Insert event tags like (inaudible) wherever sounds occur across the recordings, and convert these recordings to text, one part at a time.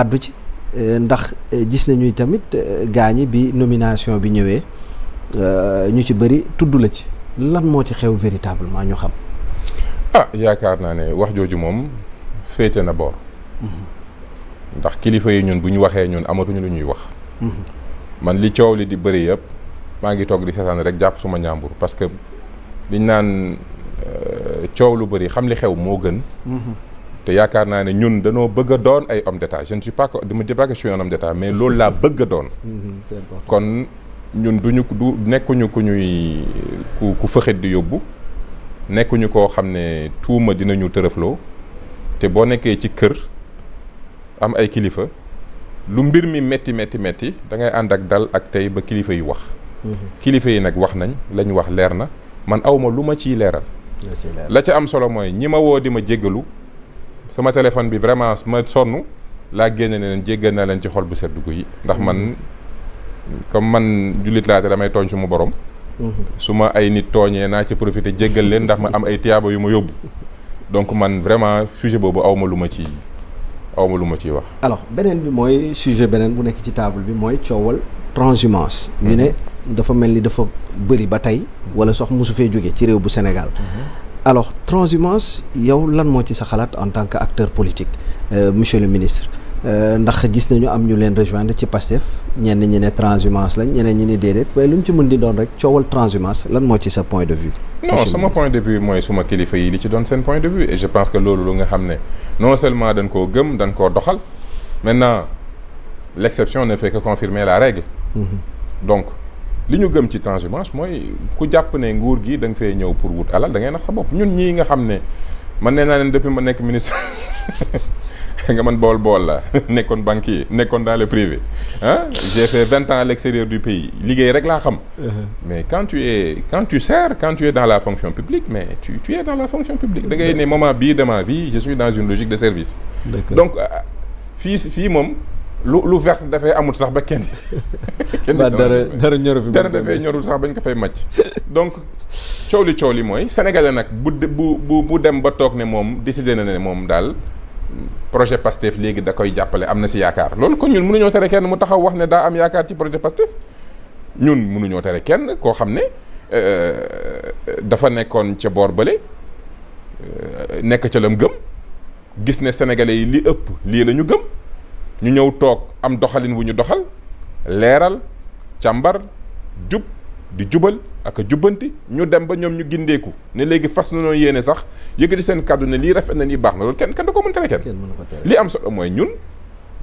àddu ci euh, ndax euh, gis nañu tamit euh, gaañi bi nomination bi ñëwee ñu ci bëri tudd la ci lan moo ci xew véritablement ñu xam. ah yaakaar naa ne wax jooju moom féete na boor. Mm-hmm. ndax kilifa yi ñun bu ñu waxee ñun amatuñu lu ñuy wax. Mm-hmm. man li coow li di bëri yëpp maa ngi toog di seetaan rek jàpp suma ñaambur parce que liñ naan coow lu bëri xam li xew moo gën. Mm-hmm. te yaakaar naa ne ñun dañoo bëgg doon ay homme d'état je ne suis pas que dama jëbaat que je suis un mais loolu laa bëgg a doon. Mm-hmm, kon ñun duñu du nekkuñu ku ñuy ku ku di yóbbu nekkuñu koo xam ne tuuma dinañu tërëfloo te boo nekkee ci kër am ay kilifa lu mbir mi metti metti metti da ngay ànd ak dal ak tey ba kilifa yi wax. Mm-hmm. kilifa yi nag wax nañ la ñu wax leer na man awma lu ma ciy leeral. la ca am solo mooy ñi ma woo di ma jéggalu. suma téléphone bi vraiment ma sonn laa génne ne leen jéggal naa leen ci xol bu sedd gu yi ndax man comme man jullit laa te damay tooñ su ma borom. Mhm. su ma ay nit tooñee naa ci profité jéggal leen ndax ma am ay tiyaaba yu ma yóbbu donc man vraiment sujet boobu aw ma lu ma ci aw ma lu ma ciy wax. alors beneen bi mooy sujet beneen bu nekk ci table bi mooy coowal transhumance. ñu ne mhm. dafa mel ni dafa bëri ba tey wala sox mosu fee jóge ci réew bu Sénégal. Mhm. alors transhumance yow lan moo ci sa xalaat en tant que acteur politique euh, monsieur le ministre euh, ndax gis nañu am ñu leen rejoindre ci Pastef ñenn ñi ne transhumance lañ ñeneen ñi ne déedéet waaye lu mu ci mën di doon rek coowal transhumance lan moo ci sa point de vue. non sama point de vue mooy suma kilifa yi li ci doon seen point de vue et je pense que loolu lu nga xam ne non seulement dañ koo gëm dañ koo doxal maintenant l'exception ne fait que confirmer la mm-hmm. donc li ñu gëm ci transhumance mooy ku jàpp ne nguur gi da nga fay ñëw pour wut alal da ngay nax sa bopp ñun ñii nga xam ne man nee naa leen depuis ma nekk ministre (laughs) nga man bool bool la (laughs) nekkoon banquier nekkoon daal le privé ah je fait vingt ans à l'extérieur du pays liggéey rek laa xam uh-huh. mais quand tu es quand tu sers quand tu es dans la fonction publique mais tu tu es dans la fonction publique da ngay ne moment bii dema ma vie je suis dans une logique de service donc euh, fii fii moom lu lu vert dafay amut sax ba kenn. (laughs) kenn dara dara ñoru fi dara dafay ñorul sax bañ ko fay màcc. donc coow li coow li mooy sénégalais nag bu bu bu dem ba toog ne moom décidé na ne moom daal projet PASTEF léegi da koy jàppale am na si yaakaar loolu ko ñun mënuñoo tere kenn mu taxaw wax ne daa am yaakaar ci projet PASTEF ñun mënuñoo tere kenn koo xam ne euh, dafa nekkoon ca boor bale euh, nekk ca lam gëm gis ne sénégalais yi li ëpp lii la ñu gëm. ñu ñëw toog am doxalin wu ñu doxal leeral càmbar jub di jubal ak a jubbanti ñu dem ba ñoom ñu gindeeku ne léegi fas na noo yéene sax yëg yëkkati seen kàddu ne lii rafet na lii baax na loolu kenn kenn da ko mën tere kenn li am solo mooy ñun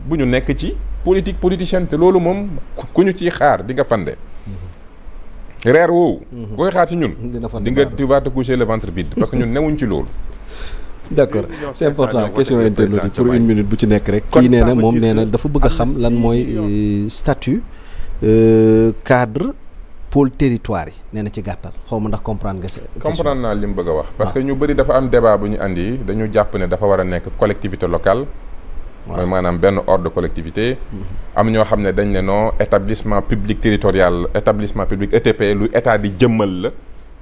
bu ñu nekk ci politique politicienne te loolu moom ku ñu ciy xaar di nga fande mm-hmm. reer woowu koy mm-hmm. xaar ci ñun di nga tu vas te coucher le ventre vide parce que ñu newuñ ci loolu d' accord c' est important question internaute yi pour une minute bu ci nekk rek. kii nee na moom nee na dafa bëgg a xam lan mooy euh, statut euh, cadre pôle territoire yi nee na ci gàttal xaw ma ndax comprendre nga. comprendre naa li mu bëgg wax. parce que ah. ñu bëri dafa am débat bu ñu andi dañu jàpp ne dafa war a nekk collectivité local mooy maanaam benn ordre collectivité. Mm-hmm. am ñoo xam ne dañ ne non établissement public territorial établissement public ETP lu état di jëmmal la.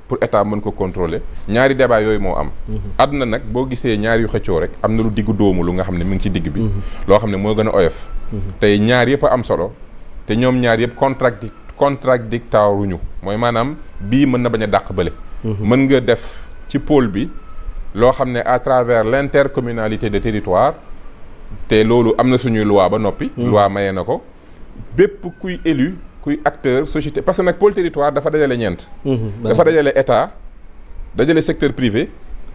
pour état mën ko contrôler ñaari débat yooyu moo am mhm. àdduna nag boo gisee ñaar yu xëccoo rek am na lu diggu doomu lu nga xam ne mu ngi ci digg bi mhm. loo xam ne moo gën a oyof mhm. tey ñaar yëpp a am solo te ñoom ñaar yëpp contracti contradictoire ñu mooy maanaam bii mën na bañ a dàq bële mën nga def ci pôle bi loo xam ne à travers l'intercommunalité de territoire te loolu am na suñuy loi ba noppi loi mayee na ko bépp kuy élu kuy acteur société parce que nag pôle territoire dafa dajale ñeent. Mhm, dafa dajale état dajale secteur privé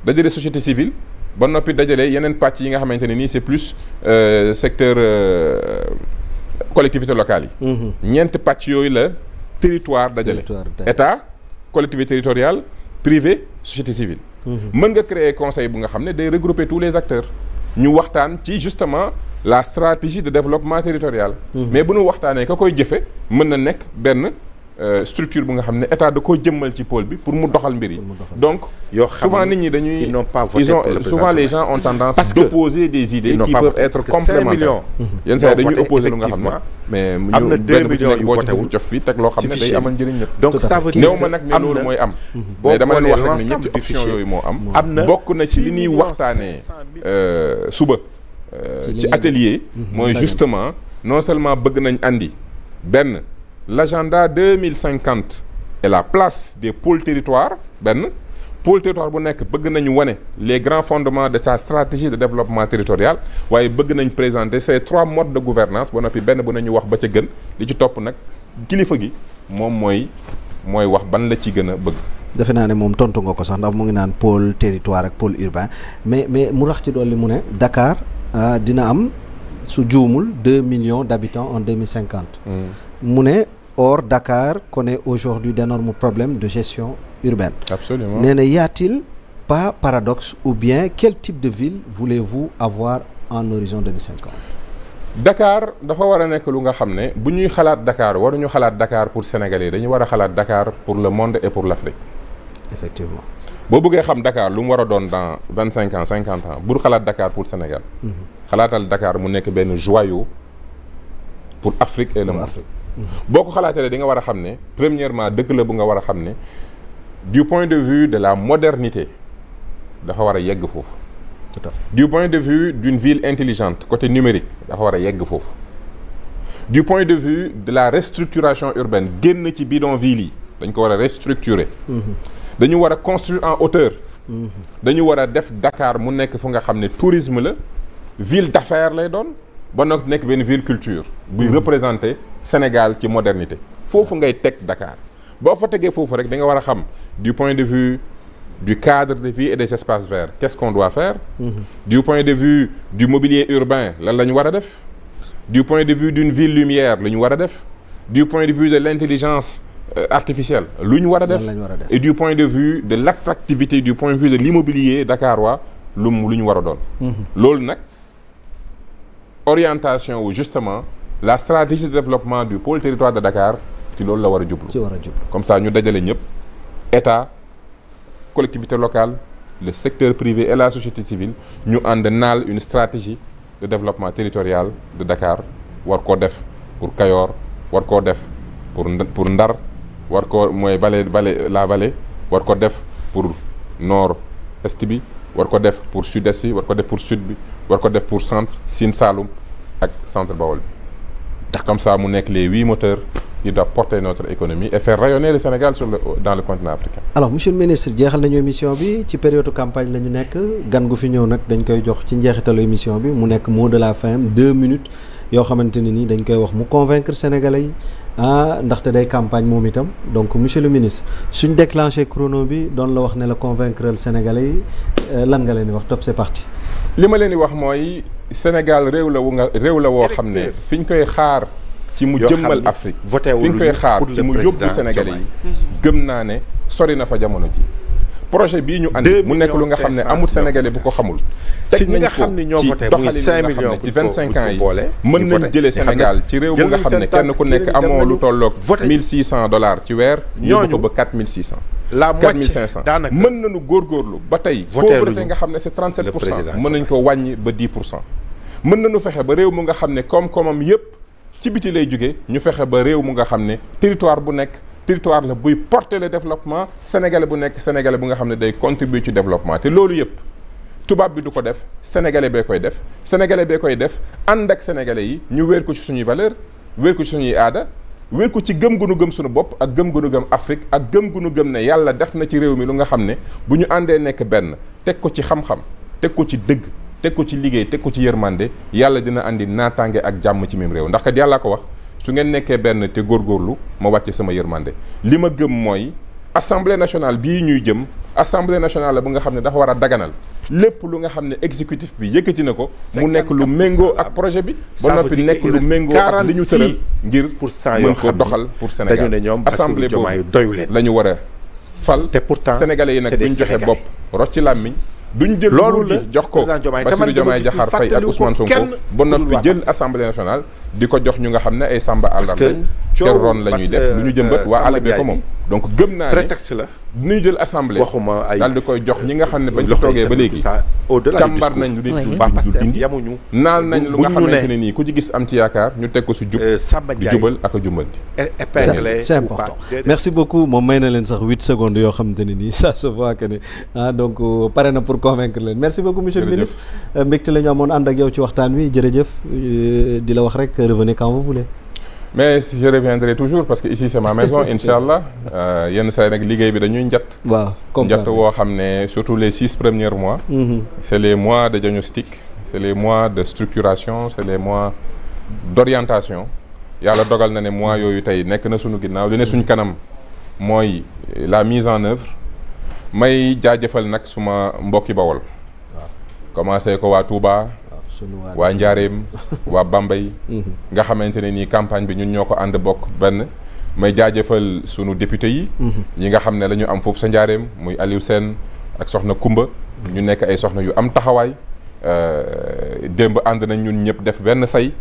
dajale société civile ba noppi dajale yeneen pàcc yi nga xamante ne c'est plus euh, secteur euh, collectivité locale yi. Mhm. ñeent pàcc yooyu la territoire dajale. état collectivité territoriale privé société civile. Mhm. mën nga créer conseil bu nga xam ne day regrouper tous les acteurs ñu waxtaan ci justement. la stratégie de développement territorial. Mhm. mais bu nu waxtaanee ka koy jëfe mën na nekk benn euh, structure bu nga xam ne état da koo jëmmal ci pôle bi pour mu doxal mbir yi. donc souvent nit ñi dañuy. ils n'ont pas voté ils ont souvent les gens ont tendance. que d'opposer des idées qui peuvent être complémentaires. Mhm. yenn saa dañuy opposer lu nga xam ne. mais ñu am na deux millions yu voté wul jof fi teg loo xam ne day amal njëriñ ñëpp. donc ça veut dire que nag ne loolu mooy am. Mhm. mais dama leen yooyu moo am. am na bokk na ci li ñuy waxtaanee euh, suba. Euh, ci atelier mhm. mooy justement non seulement bëgg nañ indi benn l'agenda deux mille cinquante et la place des pôles territoires benn pôle territoire bu nekk bëgg nañu wane les grands fondements de sa stratégie de développement territorial waaye bëgg nañ présenter ces trois modes de gouvernance ba noppi benn bu nañu wax ba ca gën li ci topp nag kilifa gi moom mooy mooy wax ban la ci gën a bëgg defe naa ne moom tontu nga ko sax ndax mu ngi naan pôle territoire ak pôle urbain mais mais mu rax ci dolli mu ne Dakar Euh, dina am su juumul deux millions d'habitants en deux mille cinquante. Mm. mu ne or Dakar connaît aujourd'hui d'énormes problèmes de gestion urbaine. absolument nee na y a-t-il pas paradoxe ou bien quel type de ville voulez-vous avoir en horizon deux mille cinquante. Dakar dafa war a nekk lu nga xam ne bu ñuy xalaat Dakar waruñu xalaat dakaar pour Sénégalais dañu war a xalaat dakaar pour le monde et pour l'Afrique. effectivement. boo bëggee xam dakaar lu mu war a doon dans vingt cinq ans cinquante ans bul xalaat Dakar pour Sénégal. Mm-hmm. xalaatal dakaar mu nekk benn joyau pour Afrique et le monde. Mm-hmm. boo ko xalaatee di nga war a xam ne premièrement dëkk la bu nga war a xam ne du point de vue de la modernité dafa war a yegg foofu. tout du point de vue d'une ville intelligente côté numérique dafa war a yegg foofu. du point de vue de la restructuration urbaine génn ci bidonville yi. dañ ko war a restructurer. dañu war a construire en hauteur. dañu war a def dakaar mu nekk fu nga xam ne tourisme la ville d'affaires lay doon ba nag nekk benn ville culture. buy hmm. représenter Sénégal ci modernité. foofu ngay teg Dakar boo fa tegee foofu rek da nga war a xam du point de vue du cadre de vie et des espaces verts qu'est-ce qu'on doit faire. Hmm. du point de vue du mobilier urbain lan la ñu war def. du point de vue d'une ville lumière la ñu war def. du de vue de l'intelligence Euh, artificielle lu ñu war a def et du point de vue de l'attractivité du point de vue de l'immobilier dakarois lu mu lu ñu war a doon mhm. loolu nag orientation wu justement la stratégie de développement du pôle territoire de Dakar ci loolu la war a jublu comme ça ñu dajale ñëpp état collectivité locale le secteur privé et la société civile ñu ànd naal une stratégie de développement territorial de Dakar war koo def pour Kayor war koo def pour Ndar war ko mooy vallée vallée la vale war ko def pour nord est bi war ko def pour sud est bi war ko def pour sud bi war ko def pour centre Sine saalum ak centre Bawol bi ndax comme ça mu nekk les huit moteurs qui doivent porter notre économie et faire rayonner le Sénégal sur le dans le continent africain. alors monsieur ministre jeexal nañu émission bi ci période campagne la ñu nekk gan gu fi ñëw nag dañ koy jox ci njeexitalu émission bi mu nekk mot de la fin deux minutes. yoo xamante ne ni dañ koy wax mu convaincre sénégalais yi ah ndaxte day campagne moom itam donc monsieur le ministre suñ déclenché chrono bi doon la wax ne la convaincre sénégalais yi euh, lan nga leen di wax top c'est parti. li ma leen di wax mooy Sénégal réew la wu nga réew la woo xam ne fi ñu koy xaar. ci mu jëmmal Afrique fi ñu koy xaar ci mu yóbbu Sénégalais yi. gëm naa ne sori na fa jamono ji. projet bii ñu andi mu nekk lu nga xam ne amut sénégalais bu ko xamul teg nañ ko ci doxalin yi nga xam ne ci vingt cinq ans yi mën nañ jëlee Sénégal ci réew bu nga xam ne kenn ku nekk amoo lu tolloog mille six cent dollars ci weer ñooñu ko ba quatre mille six cent la quatre mille cinq cent mën nañu góorgóorlu ba nga xam ne c'est pour cent mën nañ ko wàññi ba dix pour cent mën nañu fexe ba réew mu nga xam ne koom-koomam yépp ci biti lay jóge ñu fexe ba réew mu nga xam ne territoire bu nekk territoire la buy porter le développement sénégalais bu nekk sénégalais bu nga xam ne day contribuer ci développement te loolu yëpp tubaab bi du ko def sénégalais bee koy def sénégalais bee koy def ànd ak sénégalais yi ñu wéer ko ci suñuy valeur wéer ko ci suñuy aada wéer ko ci gëm gu gëm suñu bopp ak gëm gunu gëm Afrique ak gëm gu nu gëm ne yàlla def na ci réew mi lu nga xam ne bu ñu àndee nekk benn teg ko ci xam-xam teg ko ci dëgg teg ko ci liggéey teg ko ci yërmande yàlla dina andi naataange ak jàmm ci même réew ndax kat ko wax su ngeen nekkee benn te góorgóorlu ma wàcce sama yërmande li ma gëm mooy assemblée nationale bii ñuy jëm assemblée nationale bu nga xam ne dafa war a daganal lépp lu nga xam ne exécutif bi yëkkati na ko mu nekk lu méngoo ak projet bi ba noppi nekk lu méngoo ak li ñu tëral ngir mën ko doxal pour Sénégal assemblée boobu doyu leen la ñu war a fal te pourtant sénégalais yi nag bu ñu joxee bopp ci làmmiñ du ñu jël loolu la jox ko Bassirou Diomaye Diakhar Faye ak Ousmane Sonko ba noppi jël assemblée nationale di ko jox ñu nga xam ne ay samba àllam lañ te roon la ñuy def lu ñu jëmbat euh, waa àll bee ko moom donc gëm naa ne prétexte la dinañ jël assemblée waxuma ay daal di koy jox ñi nga xam ne bañ ci toogee ba léegi càmbar nañ lu nit du dindi yamuñu nañ lu nga xamante ne nii ku ci gis am ci yaakaar ñu teg ko si jub euh, jubal ak a jubbanti épinglé c'est important merci beaucoup moom may na leen sax huit secondes yoo xamante ne nii (laughs) ça se voit que ne ah donc euh, pare na pour convaincre leen merci beaucoup monsieur le ministre euh, mbégte amoon ànd ak yow ci waxtaan wi jërëjëf di la wax rek revenez quand vous voulez mais je reviendrai toujours parce que ici c'est ma maison (laughs) incha allah euh, yenn saa yi nag liggéey bi dañuy njat waaw woo xam ne surtout les six première mois. Mm-hmm. c'est les mois de diagnostic c'est les mois de structuration c'est les mois d'orientation yàlla dogal na ne mois yooyu tey nekk na suñu ginnaaw li ne suñ kanam mooy la mise en œuvre may jaajëfal nag suma mbokki Bawol. waaw commencé ko waa Touba. waa Njaareem waa Bambey mhm. nga xamante ne nii campagne bi ñun ñoo ko ànd bokk benn may jaajëfal sunu député yi mhm. ñi nga xam ne la am foofu sa Njaareem muy Aliou Sène ak soxna Kumba ñu mhm. nekk ay soxna yu am taxawaay euh, démb ànd nañ ñun ñëpp def benn say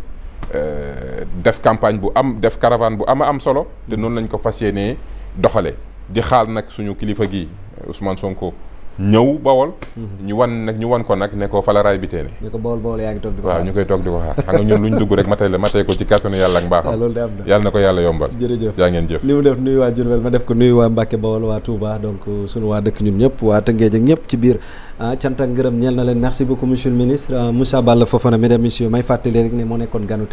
euh, def campagne bu am def caravane bu ama am solo te noonu lañ ko fas yéenee doxale di xaal nag suñu kilifa gi Ousmane Sonko ñëw bawol mhm. ñu wan nag ñu wan ko nag ne ko falaraay bi teene ñu ko bawol bawol yaa ngi toog di ko ñu koy toog di xaar xam ñun lu dugg rek matay la matay ko ci kàttanu yàlla ak mbaaxam (laughs) yàlla na ko yàlla yombal jërëjëf yaa ngeen jëf li mu def nuyu waa Diourbel ma def ko nuyu waa Mbacke bawol waa Touba donc suñu waa dëkk ñun ñëpp waa Tëngéej ak ñëpp ci biir ah cant ak ngërëm ñeel na leen merci beaucoup monsieur le ministre ah, Moussa Balla Fofana mesdames messieurs may fàttali ne moo nekkoon